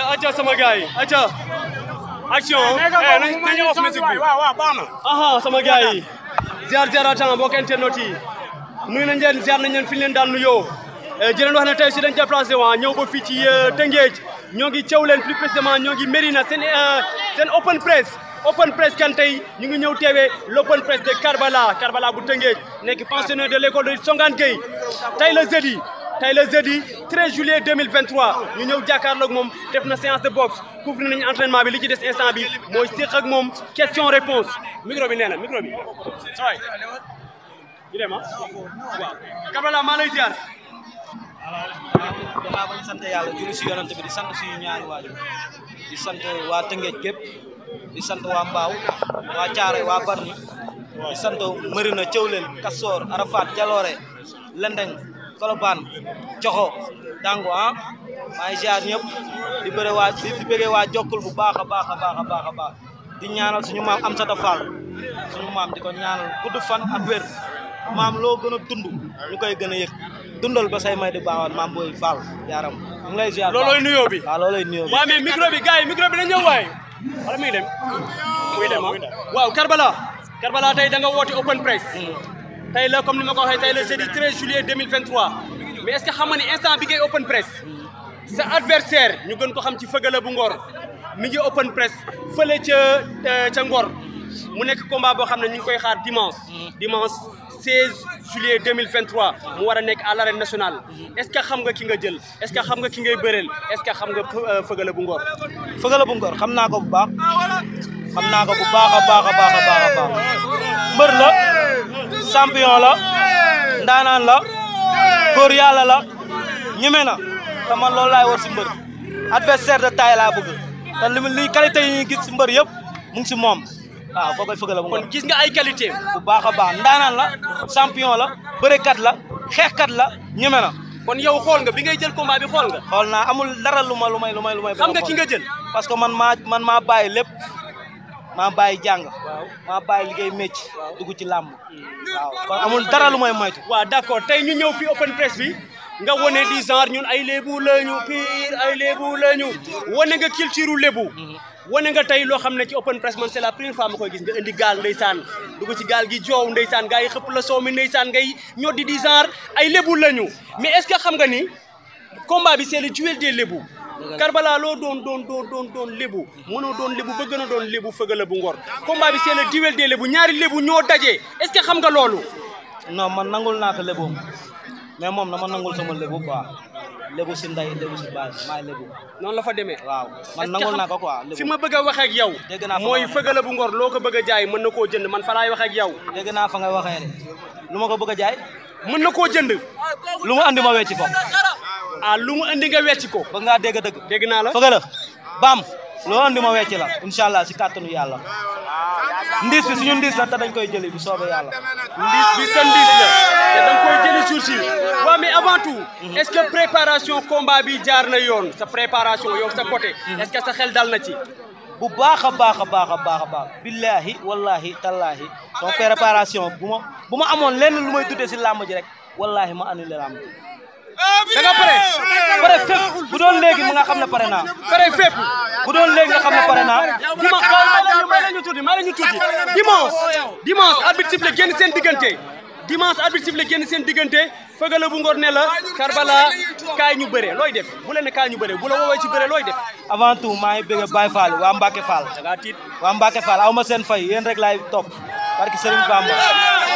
acca acca sama gars yi acca action nañu off musique bi waaw waaw baax na aha sama gars yi ziar ziaratan mbokk internet yi nuyu nañ leen ziar nañ leen fi ñu leen daan nuyoo eh, di leen wax ne tey si dañ déplacé waa ñëw ba fii ci eh, Tëngéej ñoo ngi cew leen plus précisément ñoo ngi Médina seen eh, seen open press open press kan tey ñu ngi ñëw teewee l' open press de Karbala Karbala bu Tëngéej nekk pensionnaire de l' école de Songane Gueye tey la jeudi tey la jeudi 13 juillet 2023 ñu ñëw jàkkaarloog moom def na séance de boxe couvrir nañu entraînement bi li ci des instant bi mooy séq ak moom question réponse micro bi nee na micro bi waay ñu dem sant yàlla julli si yonante bi di sant suñu ñaari waajur di sant waa Tëngéej gépp di sant waa Mbaaw waa Caaroy waa Barni di sant Marina Thiawlène Kastoor Arafat Jaloore Lendeng Colobane Coxo Dangu ah maa ngi ziar ñëpp di bëre waa di bëggee waa Jokkul bu baax a baax a baax a baax di ñaanal suñu maam Amsata Fall suñu maam di ko ñaanal gudd fan ak wér maam loo gën a dund ñu koy gën a yëg dundal ba say may di baawaan a booy Fall yaaram mu ngi lay ziar loolooy nuyoo bi waaw loolooy nuyoo bi waaw mais micro bi gars na ñëw waay ah. waaw Karbala Karbala tey da nga woote open press mm. tey la comme ni ma ko waxee tey la jeudi 13 juillet 2023 mais est-ce que xam nga ni instant bi ngay open press sa adversaire ñu gën ko xam ci Feugeula bu Ngor mi ngi open press fële ca euh, ca Ngor mu nekk combat boo xam ne ñu ngi koy xaar dimanche dimanche 16 juillet 2023 mu war a nekk à national nationale est que xam nga ki nga jël est-ce que xam nga ki ngay bëreel est-ce que xam nga Feugeula bu Ngor Feugeula bu Ngor xam naa ko bu baax xam naa ko bu baax a baax a baax a baax a baax mbër la champion la ndaanaan la góor yàlla la ñeme na te man loolu laay war si mbër adversaire de taille laa bëgg te li li qualité yi ñuy gis si mbër yëpp mu ngi si moom waaw koo koy fëgal la kon gis nga ay qualité bu baax a baax ndaanaan la champion la bërekat la xeexkat la ñeme na kon yow xool nga bi ngay jël combat bi xool nga xool naa amul dara lu ma lu may lu may lu may xam nga ki nga jël parce que man maa man maa bàyyi lépp maa bàyyi jàng. maa bàyyi liggéey mécc. dugg ci làmb. Hmm. amul dara lu may moytu. waaw d'accord tey ñu ñëw fi open press bi nga wane di genre ñun ay lébu lañu piir ay lébu lañu wane nga culture lébu. Hmm. wane nga tey loo xam ne ci open press man c'est la première fois ma koy gis nga indi gaal ndeysaan dugg ci gaal gi joow ndeysaan gaa yi xëpp la soow mi ndeysaan ngay ñoddi di genre ay lébu lañu mais est-ce que xam nga ni combat bi c'est le duel des Karbala loo doon doon doon doon doon lébu mënoo doon lébu ba gën a doon lébu fëgala bu ngor combat bi c'est le duel ñaari lébu ñoo daje est que xam nga loolu non man nangul naa ko lébu mais moom na ma nangul sama lébu quoi lébu si nday lébu si baay maay lébu noon la fa demee waaw man nangul naa ko a fi ma bëgg a waxee ak yow mooy fëgala bu ngor loo ko bëgg a jaay mën na koo jënd man fa laay waxee ak yow dégg naa fa nga waxee nu ma ko bëgg a jaay mën na koo jënd lu mu andi ma wecci ko ah lu mu andi nga wecci ko ba ngaa dégg dëgg dégg naa la fëga la baam loo andi ma wecci la incha allah si kàttanu yàlla ndiis bi suñu ndiis la te dañ koy jëli bu soobee yàlla ndiis bi sa ndiis la te dañ koy jëli suuf si waaw mais avant tout mhm. est-ce que préparation combat bi jaar na yoon sa préparation yow sa côté est-ce que sa xel dal na ci bu baax a baax a baax a baax a baax billaahi wallaahi tallaahi donc préparation bu ma bu ma amoon lenn lu may tuddee si làmb ji rek wallaahi ma annulé làmb ji da nga pare pare fépp bu doon léegi nga xam ne pare naa pare fépp bu doon léegi nga xam ne pare naa dimanche maa la ñu tuuti maa la ñu tuuti dimanche dimanche arbitre bi la génn seen diggante dimanche arbitre sifflé génn seen diggante fëgala bu ngor ne la Karbala kaay ñu bëre looy def bu la ne kaay ñu bëre bu la woowee ci bëre looy def avant tout maa ngi bëgg Baye Fall waa fay yéen rek laay topp parce que Serigne Bamba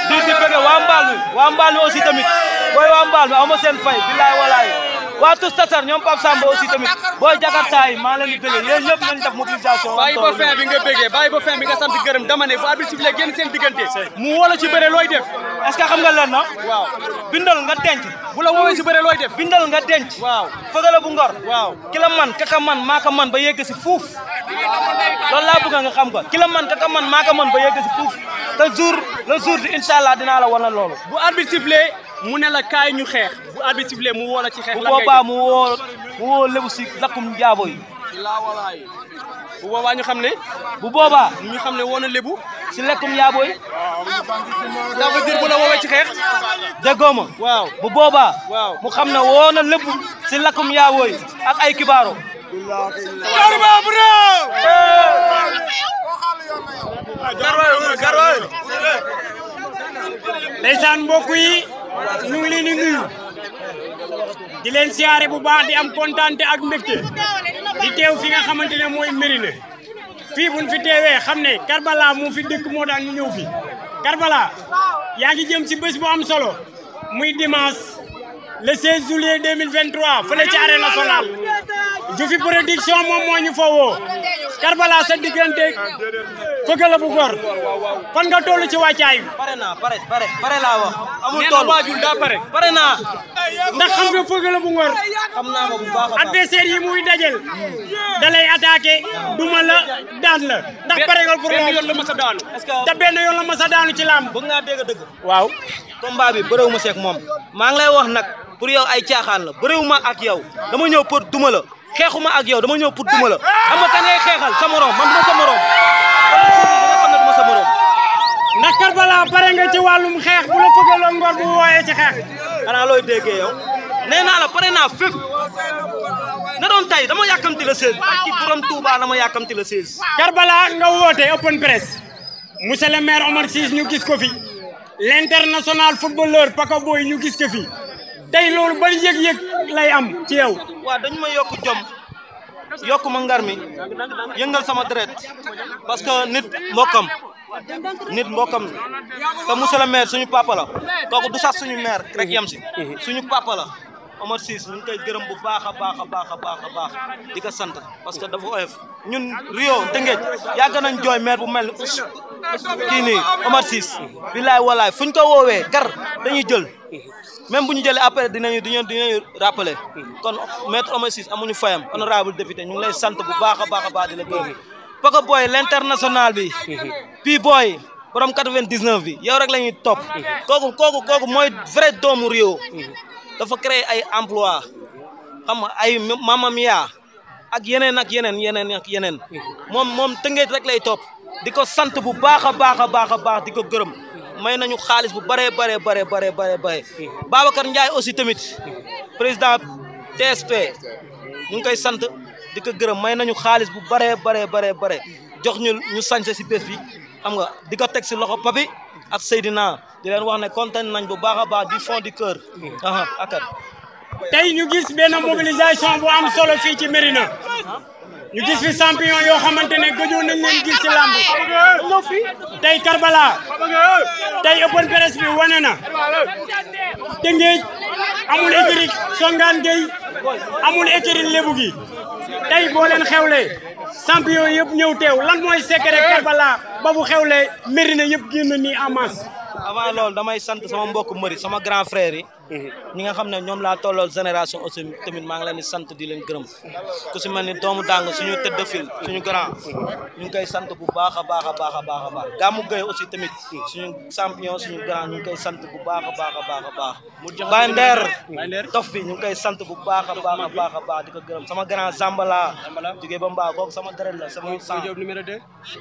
di di bëgg waa mbaal mi waa mbaal mi aussi tamit booy waa mbaal mi seen fay billaay walaay waa tous tasar ñoom Pape Samba aussi tamit booy jakarta yi maa leen di bëggee yéen ñëpp nañ def mobilisation bàyyi ba fin bi nga bëggee bàyyi ba fin bi nga sant gërëm dama ne bu arbitre sifflé génn seen mu wala ci bëre looy def est-ce que nga na waaw bindal nga denc bu la woowee si bëre looy def bindal nga denc waaw fëgala bu ngor waaw ki la man kaka man maaka man ba yegg si fuuf loolu laa bëgg nga xam ko ki la man kaka man maaka man ba yegg si fuuf te jour le jour di incha allah dinaa la wan loolu bu arbitre mu ne la kaay ñu xeex bu arbitre sifflé mu woo ci xeex. lan ngay bu boobaa mu woo mu si lakkum njaabo yi. bu boobaa ñu xam ne. bu boobaa. na si lekkum njaabo yi. woowee ci xeex. déggoo ma. bu boobaa. waaw mu xam ne woo na lébu si lakkum njaabo yi ak ay kibaaro. Garba Brou. ñu ngi leen di nuyu bu baax di am kontaante ak mbégte di teew fi nga xamante ne mooy Médina fii buñ fi teewee xam ne Karbala mu fi dëkk moo daan ñu ñëw fi Karbala yaa ngi jëm ci bés bu am solo muy dimanche le 16 juillet 2023 fële ci arène nationale Diofi production moom moo ñu fowoo Karbala sa diggante fëgala bu góor fan nga toll ci wàccaay bi. pare naa pare pare pare laa wax. amul toll waajul daa pare. pare naa. ndax xam nga fëgala bu góor. xam naa ko bu a yi muy dajel da lay attaqué duma la daan la ndax pare nga pour. benn la mas a daanu. benn yoon la mas a ci làmb. dëgg. waaw. combat bi bëreewu ma moom. maa ngi lay wax nag pour yow ay caaxaan la bëreewu ma ak yow dama ñëw pour duma la. xeexuma ak yow dama ñëw pour duma la xam nga kan ngay xeexal sa morom man duma sa morom xam na duma pare nga ci wàllum xeex bu la fëgaloo ngor bu wooyee ci xeex xanaa looy déggee nee naa la pare naa fépp na doon tay dama yàkkamti la seize barki borom Touba dama yàkkamti la seize Karbala nga woote open press monsieur le maire Omar Cisse ñu gis ko fi l'international footballeur Paka Boy ñu gis ko fi loolu bari yëg-yëg lay am ci yow. waaw dañu ma yokk jom yokk ma ngar mi yëngal sama deret parce que nit mbokkam nit mbokkam te monsieur le maire suñu papa la kooku du sax suñu maire rek yem si mhm, mhm. suñu papa la Omar Ciss ñu ngi koy gërëm bu baax a baax a baax a baax a baax di ka sant parce que dafa oyof ñun Rio Tëngéej yàgg nañ jooy maire bu mel kii nii Omar Ciss mhm. bilaay walaay fuñ ko woowee gar dañuy jël même bu ñu jëlee après dinañu dinañu dinañu rappeler kon maître Oumar Ciss amuñu fayam honorable député ñu ngi lay sant bu baax a baax a baax di la gërëm Paka Boy l'international bi Pi Boy borom 99 bi yow rek la ñuy topp kooku kooku kooku mooy vrai doomu réew dafa créer ay emploi xam nga ay mamam yaa ak yeneen ak yeneen yeneen ak yeneen moom moom tëngeej rek lay topp di ko sant bu baax a baax a baax a baax di ko gërëm may nañu xaalis bu bëree bare bare bare bare bare Babacar Ndiaye aussi tamit président TSP ñu ngi koy sant di ko gërëm may nañu xaalis bu bëree bare bare bare jox ñu ñu sañse si bés bi xam nga di ko teg si loxo pabi ak Seydina di leen wax ne kontaan nañ bu baax a baax du fond di cœur aha akat tey ñu gis benn mobilisation bu am solo fii ci Médina ñu gis fi champion yoo xamante ne gëjoon nañ leen gis ci tey Karbala tey open press bi wane na Tëngéej amul écurie Songane Gueye amul écurie Lebu gi tey boo leen xewlee champion yëpp ñëw teew lan mooy secret Karbala ba bu xewlee Médina yëpp génn nii en masse. avant loolu damay sant sama mbokk mëri sama grand frère yi. ñi nga xam ne ñoom laa tollool génération aussi tamit maa ngi leen di sant di leen gërëm ku si mel ni doomu dàng suñu tëdd fil suñu grand ñu ngi koy sant bu baax a baax a baax a baax a baax gàmmu gay aussi tamit suñu champion suñu grand ñu ngi koy sant bu baax a baax a baax a baax Baye Nder dof bi ñu ngi koy sant bu baax a baax a baax a baax di ko gërëm sama grand Zambala jógee ba mbaa kooku sama deret la sama sang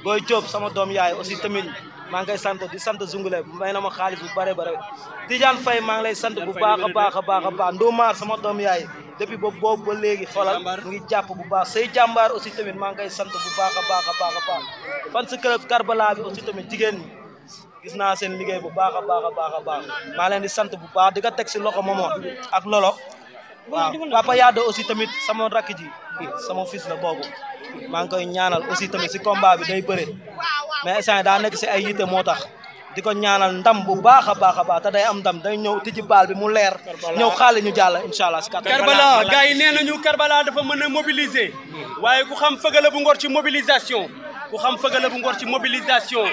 Boy Diop sama doom yaay aussi tamit maa ngi koy sant di sant Zungule may na ma xaalis bu bare bare Tidiane Faye maa ngi lay sant bu baax baax a baax a baax Ndomar sama doom yaay depuis ba boobu ba léegi xoolal mu ngi jàpp bu baax say jàmbaar aussi tamit maa ngi sant bu baax baax a baax a baax fan si club Karbala bi aussi tamit jigéen ñi gis naa seen liggéey bu baax a baax a baax maa leen di sant bu baax di ko teg si loxo Momo ak lolo waaw Papa Yado aussi tamit sama rakk ji sama fils la boobu maa ngi koy ñaanal aussi tamit si combat bi day bëre mais instant daa nekk si ay yitte moo tax di ko ñaanal ndam bu baax a baax a baax te day am ndam day ñëw tijji baal bi mu leer ñëw xaale ñu jàll incha allah si kàttan Karbala gars yi nee nañu Karbala dafa mën a mobiliser waaye ku xam Feugeula bu Ngor ci mobilisation ku xam Feugeula bu Ngor ci mobilisation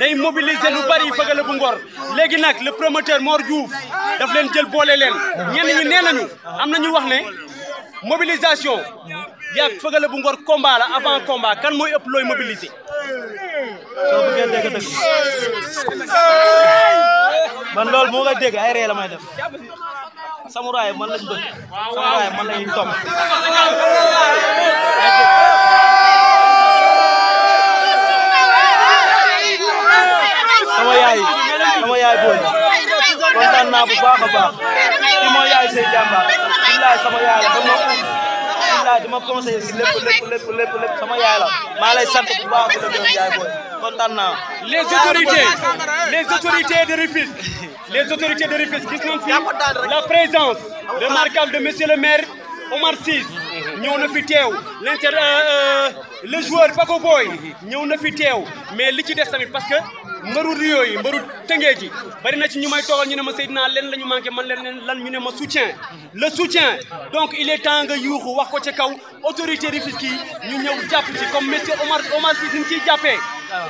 day mobiliser lu bari Feugeula bu Ngor léegi nag le promoteur Mor Diouf daf leen jël boole leen ñenn ñi nee nañu am nañu wax ne mobilisation yaa fëgale bu ngor combat la avant combat kan mooy ëpp looy mobiliser. soo ko ngeen dégg dëgg man loolu moo nga dégg ay ree la may def samuraay man lañ bëgg samuraay man lañ tom sama yaay sama yaay booy kontaan naa bu baax a baax ci moo yaay say jàmbaar billaay sama yaay la ba yaay di ma conseiller si lépp lépp lépp lépp lépp sama les autorités de Rufisque les autorités de Rufisque gis nañ la présence remarquable de monsieur le maire Omar Cisse. ñëw na fi teew l'inter euh, euh, le joueur Paco Boy ñëw na fi teew mais li ci des tamit parce que mbaru Rio yi mbaru Tëngéej ji bari na ci ñu may toogal ñu ne ma Seydina leen la ñu manqué man leen lan ñu ne ma soutien le soutien donc il est temps nga yuuxu wax ko ca kaw autorité Rufisque yi ñu ñëw jàpp ci comme monsieur Omar Omar Ciss ni mu ciy jàppee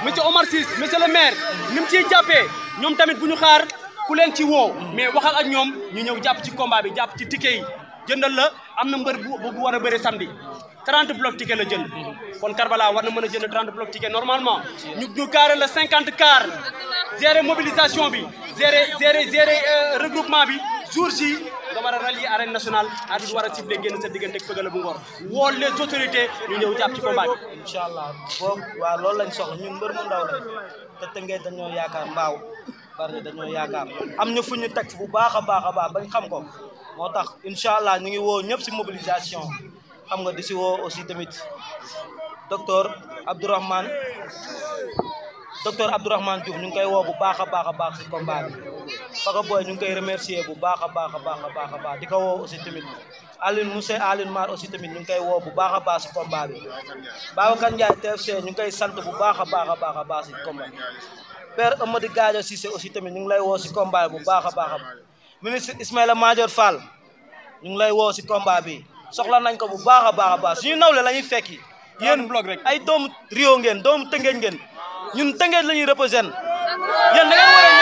monsieur Omar Ciss monsieur le maire ni mu ciy jàppee ñoom tamit bu ñu xaar ku leen ci woo mais waxal ak ñoom ñu ñëw jàpp ci combat bi jàpp ci ticket yi jëndal la am na mbër bu bu war a bëre samedi 30 bloc ticket la jënd kon Karbala war na mën a jënd 30 bloc ticket normalement ñu ñu carré la 50 car gérer bi gérer gérer gérer euh, regroupement bi jour si nga war a rallier arène nationale arbitre war a ciblé génn sa diggante ak Feugeula bu Ngor woo les autorités ñu ñëw jàpp ci combat waaw loolu lañ soxla ñun mbër mu ndaw la te Tëngéej dañoo yaakaar mbaaw bari dañoo yaakaar am ñu fu ñu teg bu baax a baax a baax bañ xam ko. moo tax incha allah ñu ngi woo ñëpp si mobilisation xam nga di si woo aussi tamit docteur Abdourahmane docteur Abdourahmane Diouf ñu ngi koy woo bu baax a baax a baax si combat bi Paka Boy ñu ngi koy remercier bu baax a baax a baax a baax a baax di ko woo aussi tamit Aline Mousse Aline Mar aussi tamit ñu ngi koy woo bu baax a baax si combat bi Babacar Ndiaye TFC ñu ngi koy sant bu baax a baax a baax a baax si combat Père Amady Gadio Cissé tamit ñu ngi lay woo si combat bu baax a baax a ministre Ismaïla Madior Fall ñu ngi lay woo si combat bi soxla nañ ko bu baax a baax a baax suñu nawle la lañuy fekki yéen blog rek ay doomu Rio ngeen doomu Tëngéej ngeen ñun Tëngéej la ñuy représente yéen da ngeen war a ñëw jàpp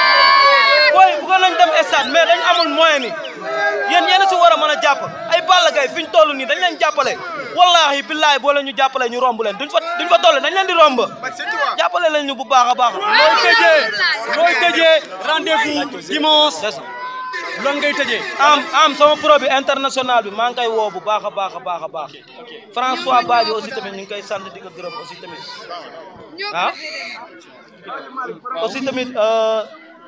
si affaire bi booy bëggoon nañ dem mais dañ amul moyen yéen yéen a si war a mën a jàpp ay Balla Gaye fi ñu toll nii dañ leen jàppale wallaahi billaahi boo leen ñu jàppale ñu romb leen duñ fa duñ fa toll dañ leen di romb jàppale leen ñu bu baax a baax looy tëjee looy tëjee rendez-vous dimanche lan ngay tëjee am am sama probi bi bi maa ngi koy woo bu baax a baax a baax a baax François Badji aussi tamit ñu ngi koy sant di ko gërëm aussi tamit ah aussi tamit euh,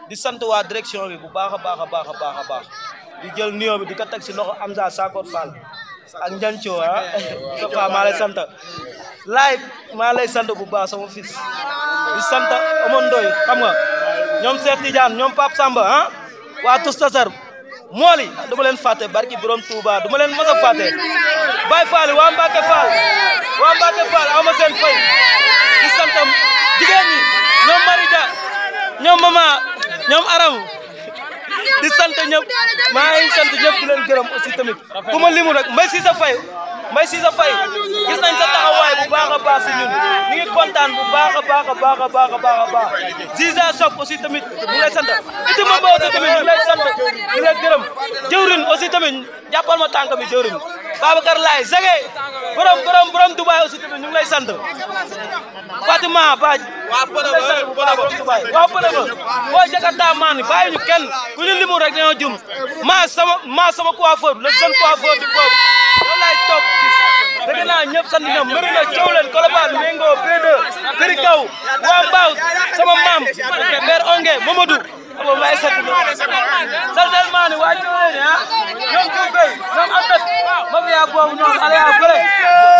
di sant waa direction bi bu baax a baax a baax a baax a baax di jël nuyoo bi di ko teg si loxo Amza Sakor Fall ak Ndiancho ah Papa maa lay sant laay maa lay sant bu baax sama fils di sant Omar Ndoye xam nga ñoom Cheikh Tidiane ñoom Pape Samba ah waa tous tasar mool yi leen fàtte barki borom Touba du leen mos a fàtte Baye Fall waa Mbacke Fall waa Mbacke Fall aw seen fay di sant jigéen ñoom Marida ñoom Mama ñoom Aram di sant ñëpp maa ngi sant ñëpp di leen gërëm aussi tamit ku ma limu rek Mbaye Cissé Faye Mbaye Cissé sa taxawaay bu baax a baax si ñun ñu ngi kontaan bu baax a baax a baax a baax a baax a baax Ziza Sock aussi tamit ñu lay sant iti ma boote tamit ñu lay sant ñu Babacar Laye Zage borom borom borom Dubaay aussi tamit ñu ngi lay sant Fatima Ba waaw Podaba Podaba waaw Podaba boo Jakarta maa ni bàyyi ñu kenn ku ñu limul rek dañoo jum maa sama maa sama coiffeur le jeune coiffeur du peuple loolu laay toog dëgg naa ñëpp sant na coow leen Colobane Mengo Pédé Kër Kaw waa sama maam père Onge Mamadou boobu may seetlu loolu. Saltel Mane waa a wóor yi ah ñoom a ñoom Ameth mafia boobu noonu Aliou Abdoulaye.